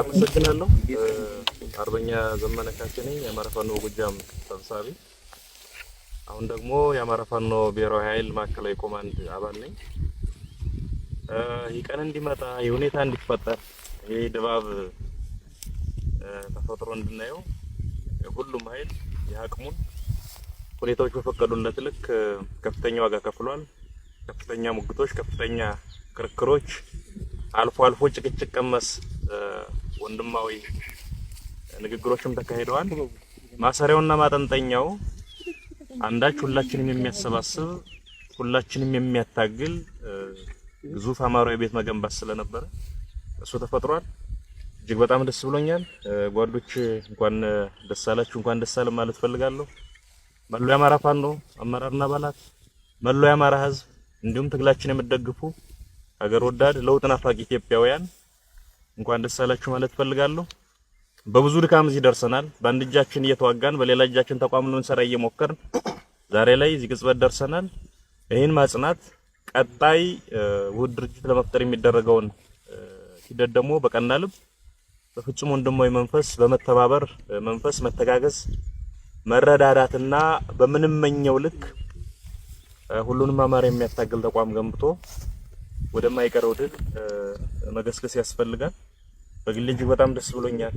አመሰግናለሁ። አርበኛ ዘመነ ካሴ ነኝ የአማራ ፋኖ ጎጃም ሰብሳቢ፣ አሁን ደግሞ የአማራ ፋኖ ብሔራዊ ኃይል ማዕከላዊ ኮማንድ አባል ነኝ። ይህ ቀን እንዲመጣ የሁኔታ ሁኔታ እንዲፈጠር ይህ ድባብ ተፈጥሮ እንድናየው ሁሉም ኃይል የአቅሙን ሁኔታዎች በፈቀዱለት ልክ ከፍተኛ ዋጋ ከፍሏል። ከፍተኛ ሙግቶች፣ ከፍተኛ ክርክሮች፣ አልፎ አልፎ ጭቅጭቅ ቀመስ ወንድማዊ ንግግሮችም ተካሂደዋል። ማሰሪያውና ማጠንጠኛው አንዳች ሁላችንም የሚያሰባስብ ሁላችንም የሚያታግል ግዙፍ አማራዊ ቤት መገንባት ስለነበረ እሱ ተፈጥሯል። እጅግ በጣም ደስ ብሎኛል። ጓዶች እንኳን ደስ አላችሁ፣ እንኳን ደስ አለ ማለት ፈልጋለሁ። መላው የአማራ ፋኖ አመራርና አባላት፣ መላው የአማራ ሕዝብ እንዲሁም ትግላችን የምትደግፉ ሀገር ወዳድ ለውጥ ናፋቂ ኢትዮጵያውያን እንኳን ደስ አላችሁ ማለት ፈልጋለሁ። በብዙ ድካም እዚህ ደርሰናል። በአንድ እጃችን እየተዋጋን በሌላ እጃችን ተቋም ልንሰራ እየሞከርን ዛሬ ላይ እዚህ ቅጽበት ደርሰናል። ይህን ማጽናት ቀጣይ ውህድ ድርጅት ለመፍጠር የሚደረገውን ሂደት ደግሞ በቀና ልብ በፍጹም ወንድማዊ መንፈስ በመተባበር መንፈስ መተጋገዝ፣ መረዳዳትና በምንመኘው ልክ ሁሉንም አማራ የሚያታግል ተቋም ገንብቶ ወደማይቀረው ድል መገስገስ ያስፈልጋል። በግሌ እጅግ በጣም ደስ ብሎኛል።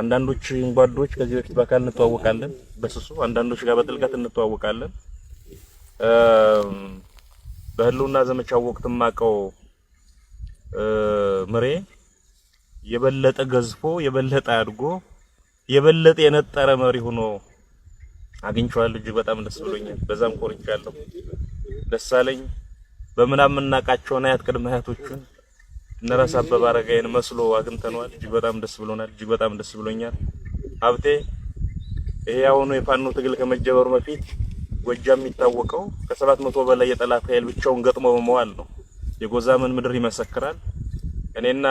አንዳንዶች እንጓዶች ከዚህ በፊት በአካል እንተዋወቃለን በስሱ አንዳንዶች ጋር በጥልቀት እንተዋወቃለን። በህልውና ዘመቻው ወቅት ማቀው ምሬ የበለጠ ገዝፎ የበለጠ አድጎ የበለጠ የነጠረ መሪ ሆኖ አግኝቼዋለሁ። እጅግ በጣም ደስ ብሎኛል። በዛም ቆርጫለሁ። ደስ አለኝ። በምናምን እናቃቸውን አያት ቅድመ አያቶቹን እነራስ አበበ አረጋይን መስሎ አግኝተነዋል። እጅግ በጣም ደስ ብሎናል። እጅግ በጣም ደስ ብሎኛል። ሀብቴ ይሄ አሁኑ የፋኖ ትግል ከመጀመሩ በፊት ጎጃም የሚታወቀው ከሰባት መቶ በላይ የጠላት ኃይል ብቻውን ገጥሞ በመዋል ነው። የጎዛመን ምድር ይመሰክራል። እኔና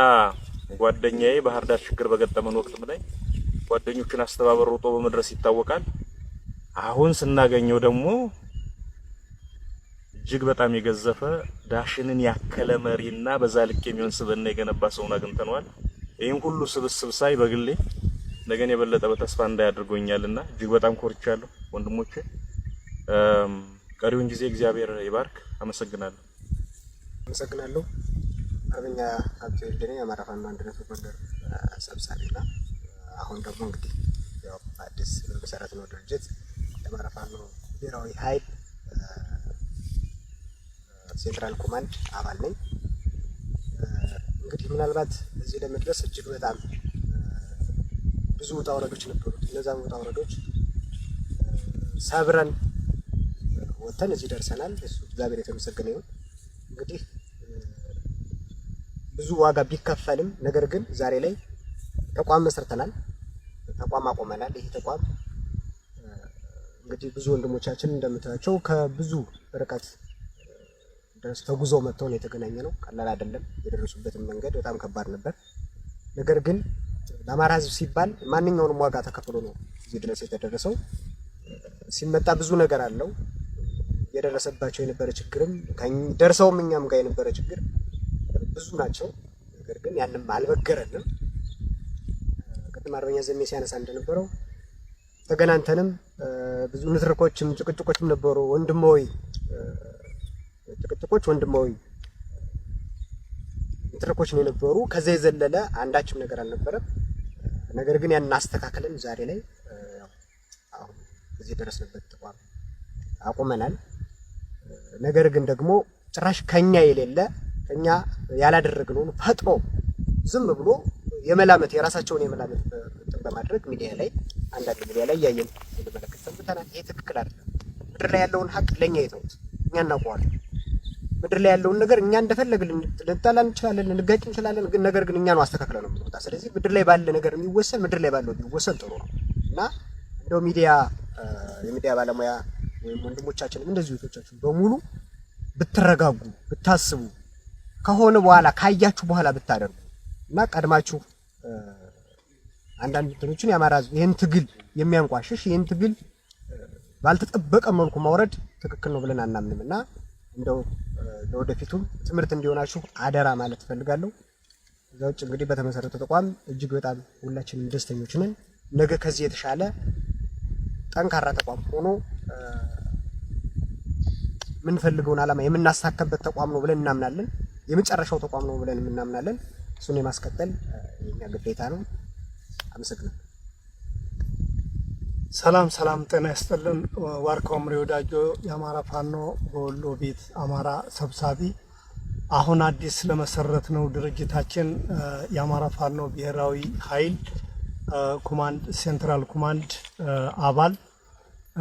ጓደኛዬ ባህር ዳር ችግር በገጠመን ወቅትም ላይ ጓደኞቹን አስተባበር ሮጦ በመድረስ ይታወቃል። አሁን ስናገኘው ደግሞ እጅግ በጣም የገዘፈ ዳሽንን ያከለ መሪና በዛ ልክ የሚሆን ስብና የገነባ ሰውን አግኝተነዋል። ይህን ሁሉ ስብስብ ሳይ በግሌ ነገን የበለጠ በተስፋ እንዳያድርጎኛልና እጅግ በጣም ኮርቻለሁ ወንድሞቼ። ቀሪውን ጊዜ እግዚአብሔር ይባርክ። አመሰግናለሁ። አመሰግናለሁ። አርበኛ ሀብቴ ወልደኔ የአማራ ፋኖ አንድነት ጎንደር ሰብሳቢና አሁን ደግሞ እንግዲህ ያው አዲስ መሰረት ነው ድርጅት የአማራ ፋኖ ብሔራዊ ኃይል ሴንትራል ኮማንድ አባል ነኝ። እንግዲህ ምናልባት እዚህ ለመድረስ እጅግ በጣም ብዙ ውጣ ውረዶች ነበሩት። እነዛም ውጣ ውረዶች ሰብረን ወጥተን እዚህ ደርሰናል። እሱ እግዚአብሔር የተመሰገነ ይሁን። እንግዲህ ብዙ ዋጋ ቢከፈልም ነገር ግን ዛሬ ላይ ተቋም መስርተናል፣ ተቋም አቆመናል። ይሄ ተቋም እንግዲህ ብዙ ወንድሞቻችን እንደምታያቸው ከብዙ ርቀት ድረስ ተጉዘው መጥተው ነው የተገናኘ ነው። ቀላል አይደለም። የደረሱበትን መንገድ በጣም ከባድ ነበር። ነገር ግን ለአማራ ሲባል ማንኛውንም ዋጋ ተከፍሎ ነው እዚህ ድረስ የተደረሰው። ሲመጣ ብዙ ነገር አለው። የደረሰባቸው የነበረ ችግርም ደርሰውም እኛም ጋር የነበረ ችግር ብዙ ናቸው። ነገር ግን ያንም አልበገረንም። ቅድም አርበኛ ዘሜ ሲያነሳ እንደነበረው ተገናኝተንም ብዙ ንትርኮችም ጭቅጭቆችም ነበሩ። ወንድሞ ወይ ጥቅጥቆች ወንድማዊ ትርኮች ነው የነበሩ። ከዛ የዘለለ አንዳችም ነገር አልነበረም። ነገር ግን ያን አስተካክለን ዛሬ ላይ አሁን እዚህ ደረስንበት ተቋም አቁመናል። ነገር ግን ደግሞ ጭራሽ ከኛ የሌለ ከኛ ያላደረግነውን ፈጥሮ ዝም ብሎ የመላመት የራሳቸውን የመላመት በማድረግ ሚዲያ ላይ አንዳንድ ሚዲያ ላይ እያየን እንመለከት ሰንብተናል። ይህ ትክክል አይደለም። ምድር ላይ ያለውን ሀቅ ለእኛ የተውት እኛ እናውቀዋለን። ምድር ላይ ያለውን ነገር እኛ እንደፈለግን ልንጣላ እንችላለን፣ ልንጋጭ እንችላለን። ግን ነገር ግን እኛ ነው አስተካክለ ነው የምትወጣ። ስለዚህ ምድር ላይ ባለ ነገር የሚወሰን ምድር ላይ ባለው የሚወሰን ጥሩ ነው እና እንደው ሚዲያ የሚዲያ ባለሙያ ወይም ወንድሞቻችንም እንደዚሁ ቶቻችን በሙሉ ብትረጋጉ፣ ብታስቡ ከሆነ በኋላ ካያችሁ በኋላ ብታደርጉ እና ቀድማችሁ አንዳንድ እንትኖችን የአማራ ይህን ትግል የሚያንቋሽሽ ይህን ትግል ባልተጠበቀ መልኩ ማውረድ ትክክል ነው ብለን አናምንም እና እንደው ለወደፊቱ ትምህርት እንዲሆናችሁ አደራ ማለት እፈልጋለሁ። እዛ ውጭ እንግዲህ በተመሰረተ ተቋም እጅግ በጣም ሁላችንም ደስተኞች ነን። ነገ ከዚህ የተሻለ ጠንካራ ተቋም ሆኖ የምንፈልገውን ዓላማ የምናሳከበት ተቋም ነው ብለን እናምናለን። የመጨረሻው ተቋም ነው ብለን እናምናለን። እሱን የማስቀጠል የኛ ግዴታ ነው። አመሰግናለሁ። ሰላም ሰላም፣ ጤና ይስጥልን። ዋርካው ምሬ ወዳጆ የአማራ ፋኖ በወሎ ቤት አማራ ሰብሳቢ፣ አሁን አዲስ ለመሰረት ነው ድርጅታችን የአማራ ፋኖ ብሔራዊ ኃይል ኮማንድ ሴንትራል ኮማንድ አባል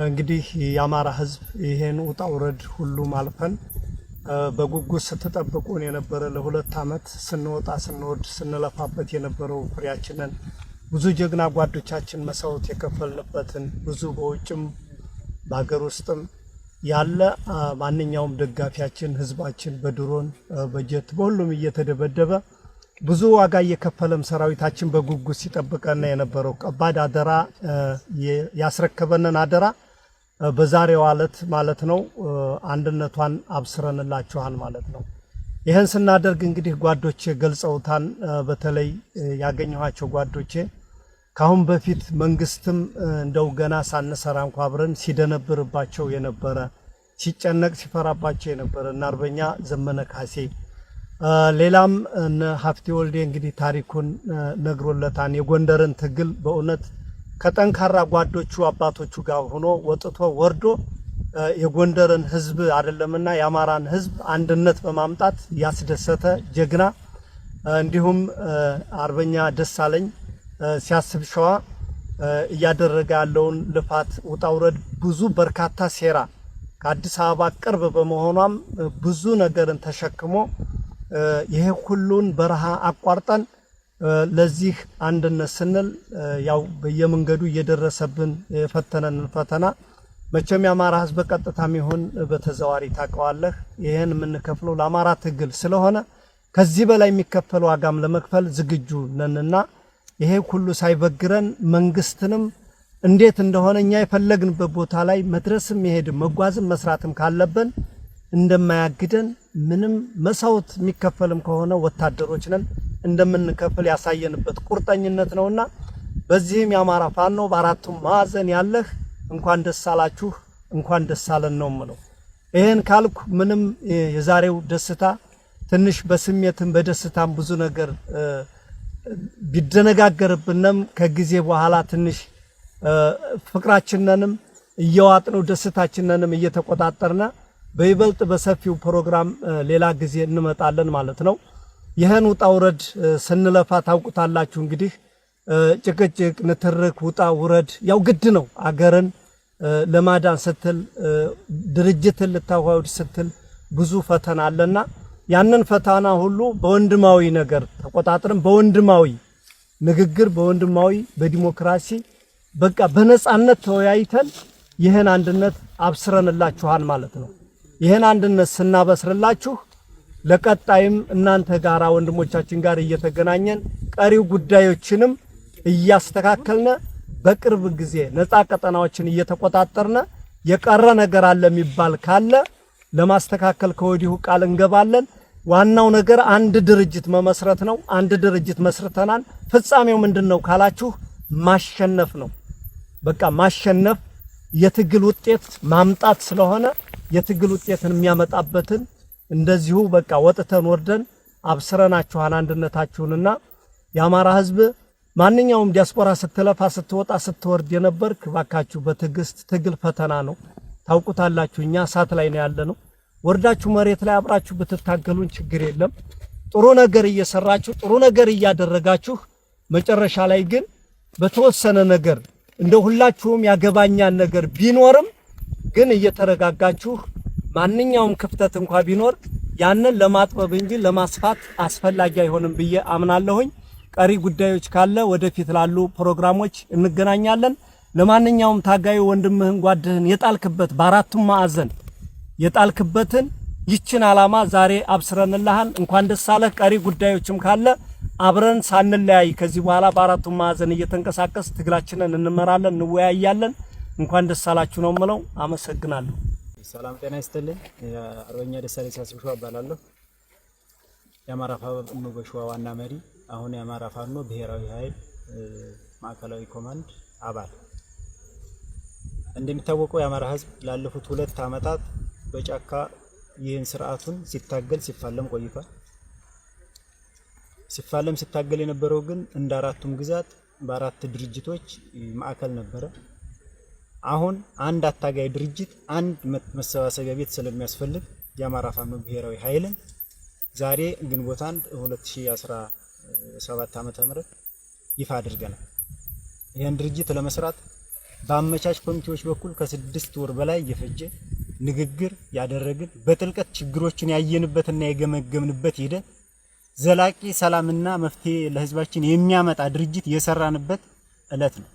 እንግዲህ የአማራ ሕዝብ ይሄን ውጣ ውረድ ሁሉም አልፈን በጉጉት ስትጠብቁን የነበረ ለሁለት ዓመት ስንወጣ ስንወድ ስንለፋበት የነበረው ፍሬያችንን ብዙ ጀግና ጓዶቻችን መሰውት የከፈልንበትን ብዙ በውጭም በሀገር ውስጥም ያለ ማንኛውም ደጋፊያችን ህዝባችን በድሮን በጀት በሁሉም እየተደበደበ ብዙ ዋጋ እየከፈለም ሰራዊታችን በጉጉት ሲጠብቀን የነበረው ከባድ አደራ ያስረከበንን አደራ በዛሬው ዕለት ማለት ነው አንድነቷን አብስረንላችኋል ማለት ነው። ይህን ስናደርግ እንግዲህ ጓዶቼ ገልጸውታን። በተለይ ያገኘኋቸው ጓዶቼ ከአሁን በፊት መንግስትም እንደው ገና ሳንሰራ እንኳ አብረን ሲደነብርባቸው የነበረ ሲጨነቅ ሲፈራባቸው የነበረ እና አርበኛ ዘመነ ካሴ ሌላም ሀፍቴ ወልዴ እንግዲህ ታሪኩን ነግሮለታን የጎንደርን ትግል በእውነት ከጠንካራ ጓዶቹ አባቶቹ ጋር ሆኖ ወጥቶ ወርዶ የጎንደርን ህዝብ አይደለምና የአማራን ህዝብ አንድነት በማምጣት ያስደሰተ ጀግና እንዲሁም አርበኛ ደሳለኝ ሲያስብ ሸዋ እያደረገ ያለውን ልፋት ውጣውረድ ብዙ በርካታ ሴራ ከአዲስ አበባ ቅርብ በመሆኗም ብዙ ነገርን ተሸክሞ ይሄ ሁሉን በረሃ አቋርጠን ለዚህ አንድነት ስንል ያው በየመንገዱ እየደረሰብን የፈተነንን ፈተና መቼም የአማራ ሕዝብ ቀጥታም ይሁን በተዘዋሪ ታውቀዋለህ። ይህን የምንከፍለው ለአማራ ትግል ስለሆነ ከዚህ በላይ የሚከፈል ዋጋም ለመክፈል ዝግጁ ነንና ይሄ ሁሉ ሳይበግረን መንግስትንም እንዴት እንደሆነ እኛ የፈለግንበት ቦታ ላይ መድረስም መሄድም መጓዝም መስራትም ካለብን እንደማያግደን ምንም መስዋዕት የሚከፈልም ከሆነ ወታደሮች ነን እንደምንከፍል ያሳየንበት ቁርጠኝነት ነውና በዚህም የአማራ ፋኖ በአራቱም ማዕዘን ያለህ እንኳን ደስ አላችሁ እንኳን ደስ አለን ነው ምለው። ይህን ካልኩ ምንም የዛሬው ደስታ ትንሽ በስሜትም በደስታም ብዙ ነገር ቢደነጋገርብንም ከጊዜ በኋላ ትንሽ ፍቅራችንንም እየዋጥነው ደስታችንንም እየተቆጣጠርነ በይበልጥ በሰፊው ፕሮግራም ሌላ ጊዜ እንመጣለን ማለት ነው። ይህን ውጣ ውረድ ስንለፋ ታውቁታላችሁ። እንግዲህ ጭቅጭቅ፣ ንትርክ፣ ውጣ ውረድ ያው ግድ ነው። አገርን ለማዳን ስትል ድርጅትን ልታዋውድ ስትል ብዙ ፈተና አለና ያንን ፈተና ሁሉ በወንድማዊ ነገር ተቆጣጥረን በወንድማዊ ንግግር በወንድማዊ በዲሞክራሲ በቃ በነጻነት ተወያይተን ይህን አንድነት አብስረንላችኋል ማለት ነው። ይህን አንድነት ስናበስርላችሁ ለቀጣይም እናንተ ጋር ወንድሞቻችን ጋር እየተገናኘን ቀሪው ጉዳዮችንም እያስተካከልነ በቅርብ ጊዜ ነፃ ቀጠናዎችን እየተቆጣጠርነ የቀረ ነገር አለ የሚባል ካለ ለማስተካከል ከወዲሁ ቃል እንገባለን። ዋናው ነገር አንድ ድርጅት መመስረት ነው። አንድ ድርጅት መስርተናል። ፍጻሜው ምንድን ነው ካላችሁ ማሸነፍ ነው። በቃ ማሸነፍ የትግል ውጤት ማምጣት ስለሆነ የትግል ውጤትን የሚያመጣበትን እንደዚሁ በቃ ወጥተን ወርደን አብስረናችኋል አንድነታችሁንና የአማራ ሕዝብ ማንኛውም ዲያስፖራ ስትለፋ ስትወጣ ስትወርድ የነበርክ ባካችሁ በትዕግስት ትግል ፈተና ነው። ታውቁታላችሁ። እኛ እሳት ላይ ነው ያለነው። ወርዳችሁ መሬት ላይ አብራችሁ ብትታገሉን ችግር የለም። ጥሩ ነገር እየሰራችሁ ጥሩ ነገር እያደረጋችሁ መጨረሻ ላይ ግን በተወሰነ ነገር እንደ ሁላችሁም ያገባኛን ነገር ቢኖርም ግን እየተረጋጋችሁ ማንኛውም ክፍተት እንኳ ቢኖር ያንን ለማጥበብ እንጂ ለማስፋት አስፈላጊ አይሆንም ብዬ አምናለሁኝ። ቀሪ ጉዳዮች ካለ ወደፊት ላሉ ፕሮግራሞች እንገናኛለን። ለማንኛውም ታጋዩ ወንድምህን ጓድህን የጣልክበት በአራቱም ማዕዘን የጣልክበትን ይችን አላማ ዛሬ አብስረንልሃል። እንኳን ደስ አለህ። ቀሪ ጉዳዮችም ካለ አብረን ሳንለያይ ከዚህ በኋላ በአራቱ ማዕዘን እየተንቀሳቀስ ትግላችንን እንመራለን፣ እንወያያለን። እንኳን ደስ አላችሁ ነው ምለው አመሰግናለሁ። ሰላም ጤና ይስጥልኝ። አርበኛ ደሳሌ ሳስብሸዋ እባላለሁ። የአማራ ፋኖ በሸዋ ዋና መሪ፣ አሁን የአማራ ፋኖ ብሔራዊ ኃይል ማዕከላዊ ኮማንድ አባል። እንደሚታወቀው የአማራ ህዝብ ላለፉት ሁለት ዓመታት በጫካ ይህን ስርዓቱን ሲታገል ሲፋለም ቆይቷል። ሲፋለም ሲታገል የነበረው ግን እንደ አራቱም ግዛት በአራት ድርጅቶች ማዕከል ነበረ። አሁን አንድ አታጋይ ድርጅት አንድ መሰባሰቢያ ቤት ስለሚያስፈልግ የአማራ ፋኖ ብሔራዊ ኃይልን ዛሬ ግንቦት አንድ 2017 ዓ ም ይፋ አድርገናል። ይህን ድርጅት ለመስራት በአመቻች ኮሚቴዎች በኩል ከስድስት ወር በላይ እየፈጀ ። ንግግር ያደረግን በጥልቀት ችግሮችን ያየንበትና የገመገምንበት ሂደት ዘላቂ ሰላምና መፍትሄ ለህዝባችን የሚያመጣ ድርጅት የሰራንበት እለት ነው።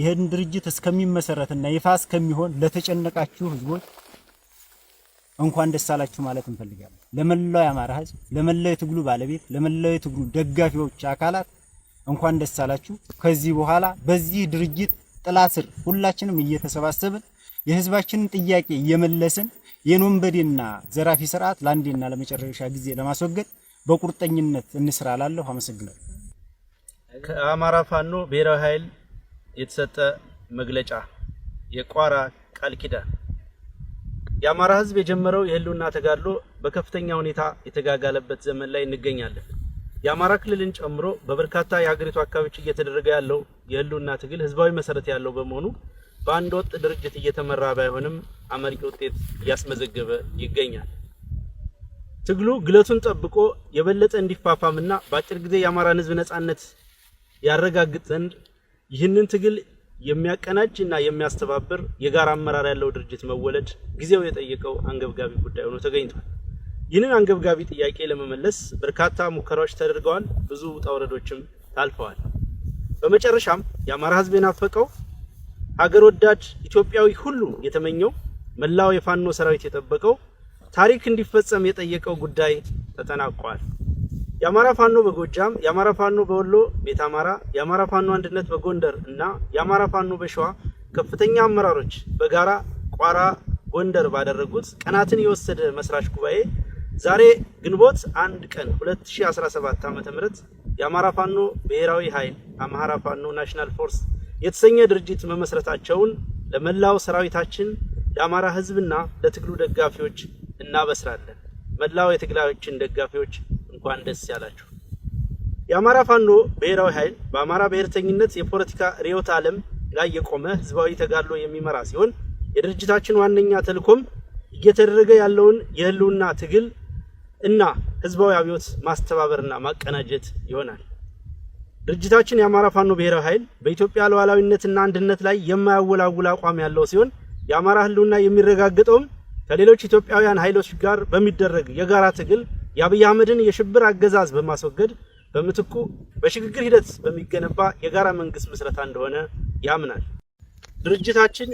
ይህን ድርጅት እስከሚመሰረትና ይፋ እስከሚሆን ለተጨነቃችሁ ህዝቦች እንኳን ደስ አላችሁ ማለት እንፈልጋለን። ለመላው የአማራ ህዝብ፣ ለመላው የትግሉ ባለቤት፣ ለመላው የትግሉ ደጋፊዎች አካላት እንኳን ደስ አላችሁ። ከዚህ በኋላ በዚህ ድርጅት ጥላ ስር ሁላችንም እየተሰባሰብን የህዝባችንን ጥያቄ እየመለስን የኖንበዴና ዘራፊ ስርዓት ለአንዴና ለመጨረሻ ጊዜ ለማስወገድ በቁርጠኝነት እንስራ እላለሁ። አመሰግናለሁ። ከአማራ ፋኖ ብሔራዊ ኃይል የተሰጠ መግለጫ የቋራ ቃል ኪዳን የአማራ ህዝብ የጀመረው የህልውና ተጋድሎ በከፍተኛ ሁኔታ የተጋጋለበት ዘመን ላይ እንገኛለን። የአማራ ክልልን ጨምሮ በበርካታ የሀገሪቱ አካባቢዎች እየተደረገ ያለው የህልውና ትግል ህዝባዊ መሰረት ያለው በመሆኑ በአንድ ወጥ ድርጅት እየተመራ ባይሆንም አመርቂ ውጤት እያስመዘገበ ይገኛል። ትግሉ ግለቱን ጠብቆ የበለጠ እንዲፋፋምና በአጭር ጊዜ የአማራን ህዝብ ነጻነት ያረጋግጥ ዘንድ ይህንን ትግል የሚያቀናጅ እና የሚያስተባብር የጋራ አመራር ያለው ድርጅት መወለድ ጊዜው የጠየቀው አንገብጋቢ ጉዳይ ሆኖ ተገኝቷል። ይህንን አንገብጋቢ ጥያቄ ለመመለስ በርካታ ሙከራዎች ተደርገዋል። ብዙ ውጣ ውረዶችም ታልፈዋል። በመጨረሻም የአማራ ህዝብ የናፈቀው አገር ወዳድ ኢትዮጵያዊ ሁሉ የተመኘው መላው የፋኖ ሰራዊት የጠበቀው ታሪክ እንዲፈጸም የጠየቀው ጉዳይ ተጠናቋል። የአማራ ፋኖ በጎጃም፣ የአማራ ፋኖ በወሎ ቤት አማራ፣ የአማራ ፋኖ አንድነት በጎንደር እና የአማራ ፋኖ በሸዋ ከፍተኛ አመራሮች በጋራ ቋራ ጎንደር ባደረጉት ቀናትን የወሰደ መስራች ጉባኤ ዛሬ ግንቦት አንድ ቀን 2017 ዓ.ም የአማራ ፋኖ ብሔራዊ ኃይል አማራ ፋኖ ናሽናል ፎርስ የተሰኘ ድርጅት መመስረታቸውን ለመላው ሰራዊታችን ለአማራ ህዝብና ለትግሉ ደጋፊዎች እናበስራለን። መላው የትግላችን ደጋፊዎች እንኳን ደስ ያላችሁ። የአማራ ፋኖ ብሔራዊ ኃይል በአማራ ብሔርተኝነት የፖለቲካ ርዕዮተ ዓለም ላይ የቆመ ህዝባዊ ተጋድሎ የሚመራ ሲሆን የድርጅታችን ዋነኛ ተልኮም እየተደረገ ያለውን የህልውና ትግል እና ህዝባዊ አብዮት ማስተባበርና ማቀናጀት ይሆናል። ድርጅታችን የአማራ ፋኖ ብሔራዊ ኃይል በኢትዮጵያ ሉዓላዊነትና አንድነት ላይ የማያወላውል አቋም ያለው ሲሆን የአማራ ህልውና የሚረጋገጠውም ከሌሎች ኢትዮጵያውያን ኃይሎች ጋር በሚደረግ የጋራ ትግል የአብይ አህመድን የሽብር አገዛዝ በማስወገድ በምትኩ በሽግግር ሂደት በሚገነባ የጋራ መንግስት ምስረታ እንደሆነ ያምናል። ድርጅታችን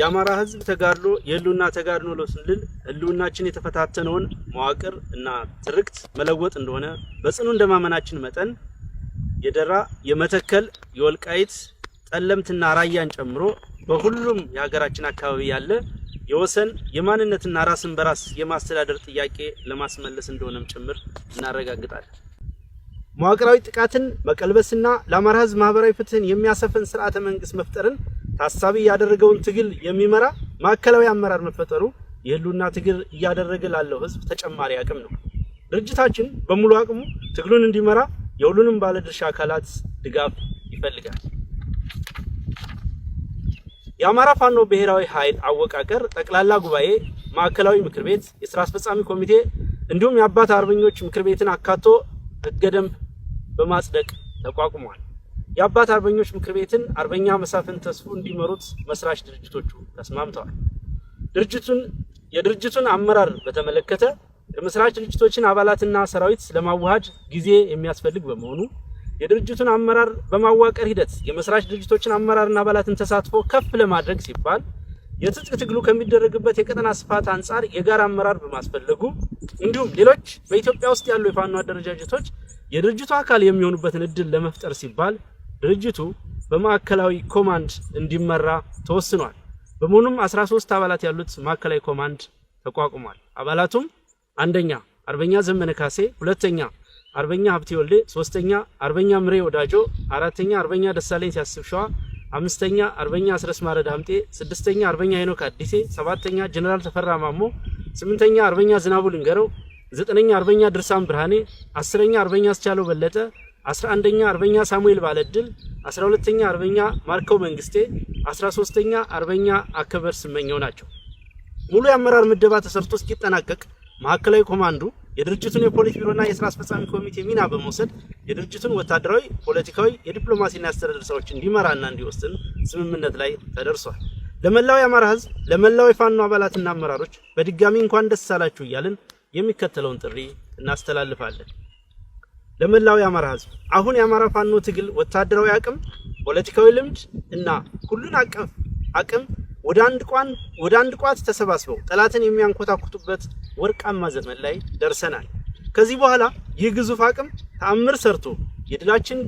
የአማራ ህዝብ ተጋድሎ የህልውና ተጋድኖ ነው ስንል ህልውናችን የተፈታተነውን መዋቅር እና ትርክት መለወጥ እንደሆነ በጽኑ እንደማመናችን መጠን የደራ፣ የመተከል፣ የወልቃይት ጠለምትና ራያን ጨምሮ በሁሉም የሀገራችን አካባቢ ያለ የወሰን የማንነትና ራስን በራስ የማስተዳደር ጥያቄ ለማስመለስ እንደሆነም ጭምር እናረጋግጣለን። መዋቅራዊ ጥቃትን መቀልበስና ለአማራ ህዝብ ማህበራዊ ፍትህን የሚያሰፍን ስርዓተ መንግስት መፍጠርን ታሳቢ ያደረገውን ትግል የሚመራ ማዕከላዊ አመራር መፈጠሩ የህልውና ትግል እያደረገ ላለው ህዝብ ተጨማሪ አቅም ነው። ድርጅታችን በሙሉ አቅሙ ትግሉን እንዲመራ የሁሉንም ባለድርሻ አካላት ድጋፍ ይፈልጋል። የአማራ ፋኖ ብሔራዊ ኃይል አወቃቀር ጠቅላላ ጉባኤ፣ ማዕከላዊ ምክር ቤት፣ የስራ አስፈጻሚ ኮሚቴ እንዲሁም የአባት አርበኞች ምክር ቤትን አካቶ ህገ ደንብ በማጽደቅ ተቋቁሟል። የአባት አርበኞች ምክር ቤትን አርበኛ መሳፍን ተስፉ እንዲመሩት መስራች ድርጅቶቹ ተስማምተዋል። ድርጅቱን የድርጅቱን አመራር በተመለከተ የመስራች ድርጅቶችን አባላትና ሰራዊት ለማዋሃድ ጊዜ የሚያስፈልግ በመሆኑ የድርጅቱን አመራር በማዋቀር ሂደት የመስራች ድርጅቶችን አመራርና አባላትን ተሳትፎ ከፍ ለማድረግ ሲባል የትጥቅ ትግሉ ከሚደረግበት የቀጠና ስፋት አንጻር የጋራ አመራር በማስፈለጉ እንዲሁም ሌሎች በኢትዮጵያ ውስጥ ያሉ የፋኖ አደረጃጀቶች የድርጅቱ አካል የሚሆኑበትን እድል ለመፍጠር ሲባል ድርጅቱ በማዕከላዊ ኮማንድ እንዲመራ ተወስኗል። በመሆኑም 13 አባላት ያሉት ማዕከላዊ ኮማንድ ተቋቁሟል። አባላቱም አንደኛ አርበኛ ዘመነ ካሴ፣ ሁለተኛ አርበኛ ሀብቴ ወልዴ፣ ሶስተኛ አርበኛ ምሬ ወዳጆ፣ አራተኛ አርበኛ ደሳለኝ ሲያስብ ሸዋ፣ አምስተኛ አርበኛ አስረስ ማረ ዳምጤ፣ ስድስተኛ አርበኛ ሄኖክ አዲሴ፣ ሰባተኛ ጀነራል ተፈራ ማሞ፣ ስምንተኛ አርበኛ ዝናቡ ልንገረው፣ ዘጠነኛ አርበኛ ድርሳም ብርሃኔ፣ አስረኛ አርበኛ አስቻለው በለጠ፣ አስራ አንደኛ አርበኛ ሳሙኤል ባለድል፣ አስራ ሁለተኛ አርበኛ ማርከው መንግስቴ፣ አስራ ሶስተኛ አርበኛ አከበር ስመኘው ናቸው። ሙሉ የአመራር ምደባ ተሰርቶ እስኪጠናቀቅ ማዕከላዊ ኮማንዱ የድርጅቱን የፖሊስ ቢሮና የስራ አስፈጻሚ ኮሚቴ ሚና በመውሰድ የድርጅቱን ወታደራዊ፣ ፖለቲካዊ፣ የዲፕሎማሲና አስተዳደር ስራዎች እንዲመራና እንዲወስን ስምምነት ላይ ተደርሷል። ለመላው የአማራ ህዝብ፣ ለመላው የፋኖ አባላትና አመራሮች በድጋሚ እንኳን ደስ አላችሁ እያልን የሚከተለውን ጥሪ እናስተላልፋለን። ለመላው የአማራ ህዝብ አሁን የአማራ ፋኖ ትግል ወታደራዊ አቅም፣ ፖለቲካዊ ልምድ እና ሁሉን አቀፍ አቅም ወደ አንድ ቋን ወደ አንድ ቋት ተሰባስበው ጠላትን የሚያንኮታኩቱበት ወርቃማ ዘመን ላይ ደርሰናል። ከዚህ በኋላ ይህ ግዙፍ አቅም ተአምር ሰርቶ የድላችን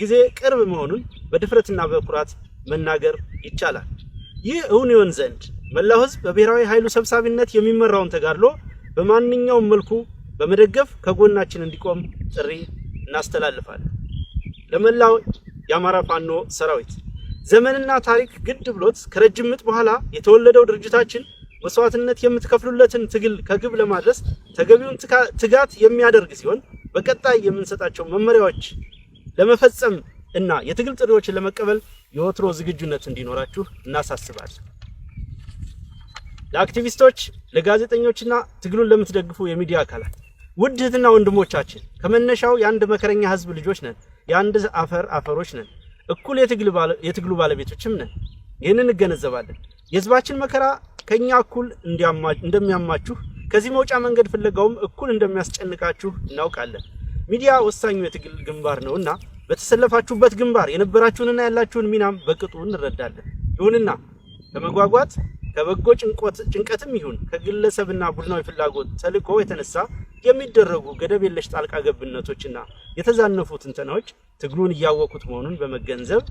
ጊዜ ቅርብ መሆኑን በድፍረትና በኩራት መናገር ይቻላል። ይህ እውን ይሆን ዘንድ መላው ሕዝብ በብሔራዊ ኃይሉ ሰብሳቢነት የሚመራውን ተጋድሎ በማንኛውም መልኩ በመደገፍ ከጎናችን እንዲቆም ጥሪ እናስተላልፋለን። ለመላው የአማራ ፋኖ ሰራዊት ዘመንና ታሪክ ግድ ብሎት ከረጅም ምጥ በኋላ የተወለደው ድርጅታችን መስዋዕትነት የምትከፍሉለትን ትግል ከግብ ለማድረስ ተገቢውን ትጋት የሚያደርግ ሲሆን በቀጣይ የምንሰጣቸው መመሪያዎች ለመፈጸም እና የትግል ጥሪዎችን ለመቀበል የወትሮ ዝግጁነት እንዲኖራችሁ እናሳስባለን። ለአክቲቪስቶች፣ ለጋዜጠኞችና ትግሉን ለምትደግፉ የሚዲያ አካላት ውድ እህትና ወንድሞቻችን ከመነሻው የአንድ መከረኛ ህዝብ ልጆች ነን። የአንድ አፈር አፈሮች ነን። እኩል የትግሉ ባለቤቶችም ነን። ይህንን እንገነዘባለን። የህዝባችን መከራ ከእኛ እኩል እንደሚያማችሁ፣ ከዚህ መውጫ መንገድ ፍለጋውም እኩል እንደሚያስጨንቃችሁ እናውቃለን። ሚዲያ ወሳኙ የትግል ግንባር እና በተሰለፋችሁበት ግንባር የነበራችሁንና ያላችሁን ሚናም በቅጡ እንረዳለን። ይሁንና ለመጓጓት ከበጎ ጭንቀትም ይሁን ከግለሰብና ቡድናዊ ፍላጎት ተልዕኮ የተነሳ የሚደረጉ ገደብ የለሽ ጣልቃ ገብነቶችና የተዛነፉ ትንተናዎች ትግሉን እያወቁት መሆኑን በመገንዘብ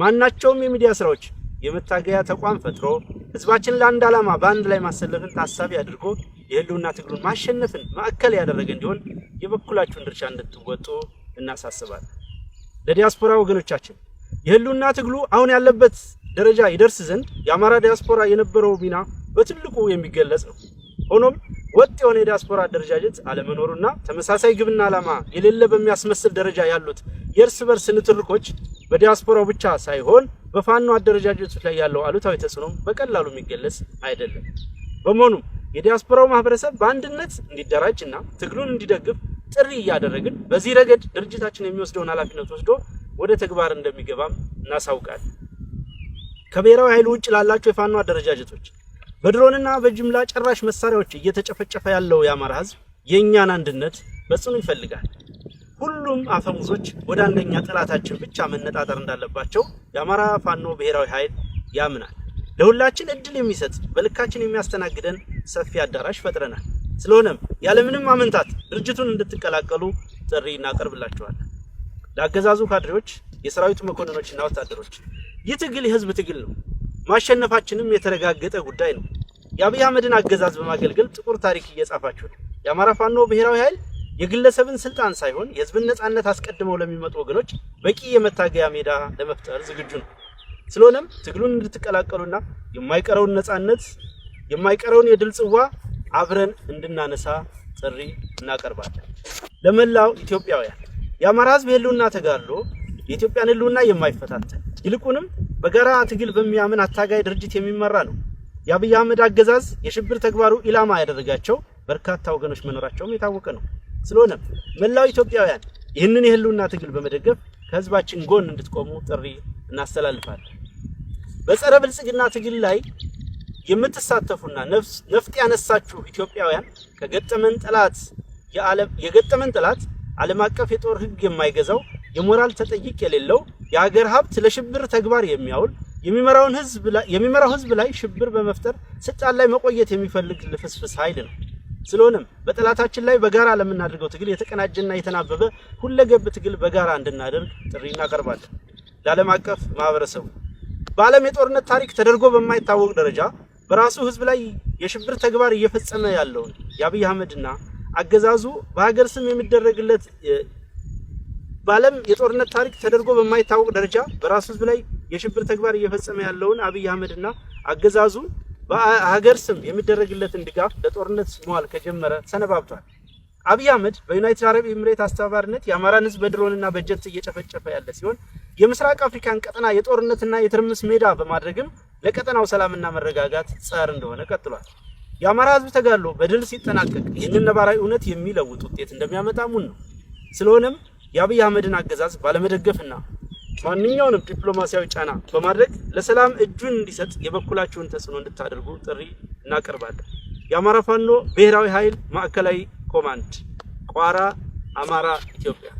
ማናቸውም የሚዲያ ስራዎች የመታገያ ተቋም ፈጥሮ ህዝባችን ለአንድ ዓላማ በአንድ ላይ ማሰለፍን ታሳቢ አድርጎ የህልውና ትግሉን ማሸነፍን ማዕከል ያደረገ እንዲሆን የበኩላችሁን ድርሻ እንድትወጡ እናሳስባለን። ለዲያስፖራ ወገኖቻችን የህልውና ትግሉ አሁን ያለበት ደረጃ ይደርስ ዘንድ የአማራ ዲያስፖራ የነበረው ሚና በትልቁ የሚገለጽ ነው። ሆኖም ወጥ የሆነ የዲያስፖራ አደረጃጀት አለመኖሩና ተመሳሳይ ግብና ዓላማ የሌለ በሚያስመስል ደረጃ ያሉት የእርስ በርስ ንትርኮች በዲያስፖራው ብቻ ሳይሆን በፋኖ አደረጃጀቶች ላይ ያለው አሉታዊ ተጽዕኖም በቀላሉ የሚገለጽ አይደለም። በመሆኑም የዲያስፖራው ማህበረሰብ በአንድነት እንዲደራጅ እና ትግሉን እንዲደግፍ ጥሪ እያደረግን፣ በዚህ ረገድ ድርጅታችን የሚወስደውን ኃላፊነት ወስዶ ወደ ተግባር እንደሚገባም እናሳውቃለን። ከብሔራዊ ኃይል ውጭ ላላቸው የፋኖ አደረጃጀቶች በድሮንና በጅምላ ጨራሽ መሳሪያዎች እየተጨፈጨፈ ያለው የአማራ ህዝብ የእኛን አንድነት በጽኑ ይፈልጋል። ሁሉም አፈሙዞች ወደ አንደኛ ጠላታችን ብቻ መነጣጠር እንዳለባቸው የአማራ ፋኖ ብሔራዊ ኃይል ያምናል። ለሁላችን እድል የሚሰጥ በልካችን የሚያስተናግደን ሰፊ አዳራሽ ፈጥረናል። ስለሆነም ያለምንም አመንታት ድርጅቱን እንድትቀላቀሉ ጥሪ እናቀርብላችኋለን። ለአገዛዙ ካድሬዎች፣ የሰራዊቱ መኮንኖችና ወታደሮች ይህ ትግል የህዝብ ትግል ነው። ማሸነፋችንም የተረጋገጠ ጉዳይ ነው። የአብይ አህመድን አገዛዝ በማገልገል ጥቁር ታሪክ እየጻፋችሁ ነው። የአማራ ፋኖ ብሔራዊ ኃይል የግለሰብን ስልጣን ሳይሆን የህዝብን ነጻነት አስቀድመው ለሚመጡ ወገኖች በቂ የመታገያ ሜዳ ለመፍጠር ዝግጁ ነው። ስለሆነም ትግሉን እንድትቀላቀሉና የማይቀረውን ነጻነት የማይቀረውን የድል ጽዋ አብረን እንድናነሳ ጥሪ እናቀርባለን። ለመላው ኢትዮጵያውያን የአማራ ህዝብ የህልውና ተጋድሎ የኢትዮጵያን ህልውና የማይፈታተን ይልቁንም በጋራ ትግል በሚያምን አታጋይ ድርጅት የሚመራ ነው። የአብይ አህመድ አገዛዝ የሽብር ተግባሩ ኢላማ ያደረጋቸው በርካታ ወገኖች መኖራቸውም የታወቀ ነው። ስለሆነ መላው ኢትዮጵያውያን ይህንን የህልውና ትግል በመደገፍ ከህዝባችን ጎን እንድትቆሙ ጥሪ እናስተላልፋለን። በጸረ ብልጽግና ትግል ላይ የምትሳተፉና ነፍጥ ያነሳችሁ ኢትዮጵያውያን ከገጠመን ጠላት የገጠመን ጠላት ዓለም አቀፍ የጦር ህግ የማይገዛው የሞራል ተጠይቅ የሌለው የአገር ሀብት ለሽብር ተግባር የሚያውል የሚመራው ህዝብ ላይ ሽብር በመፍጠር ስልጣን ላይ መቆየት የሚፈልግ ልፍስፍስ ኃይል ነው። ስለሆነም በጠላታችን ላይ በጋራ ለምናደርገው ትግል የተቀናጀና የተናበበ ሁለገብ ትግል በጋራ እንድናደርግ ጥሪ እናቀርባለን። ለዓለም አቀፍ ማህበረሰቡ በዓለም የጦርነት ታሪክ ተደርጎ በማይታወቅ ደረጃ በራሱ ህዝብ ላይ የሽብር ተግባር እየፈጸመ ያለውን የአብይ አህመድና አገዛዙ በሀገር ስም የሚደረግለት በዓለም የጦርነት ታሪክ ተደርጎ በማይታወቅ ደረጃ በራሱ ህዝብ ላይ የሽብር ተግባር እየፈጸመ ያለውን አብይ አህመድና አገዛዙ በሀገር ስም የሚደረግለትን ድጋፍ ለጦርነት መዋል ከጀመረ ሰነባብቷል። አብይ አህመድ በዩናይትድ አረብ ኤምሬት አስተባባሪነት የአማራን ህዝብ በድሮንና በጀት እየጨፈጨፈ ያለ ሲሆን የምስራቅ አፍሪካን ቀጠና የጦርነትና የትርምስ ሜዳ በማድረግም ለቀጠናው ሰላምና መረጋጋት ጸር እንደሆነ ቀጥሏል። የአማራ ህዝብ ተጋድሎ በድል ሲጠናቀቅ ይህንን ነባራዊ እውነት የሚለውጥ ውጤት እንደሚያመጣ ሙን ነው። ስለሆነም የአብይ አህመድን አገዛዝ ባለመደገፍና ማንኛውንም ዲፕሎማሲያዊ ጫና በማድረግ ለሰላም እጁን እንዲሰጥ የበኩላችሁን ተጽዕኖ እንድታደርጉ ጥሪ እናቀርባለን። የአማራ ፋኖ ብሔራዊ ኃይል ማዕከላዊ ኮማንድ ቋራ፣ አማራ፣ ኢትዮጵያ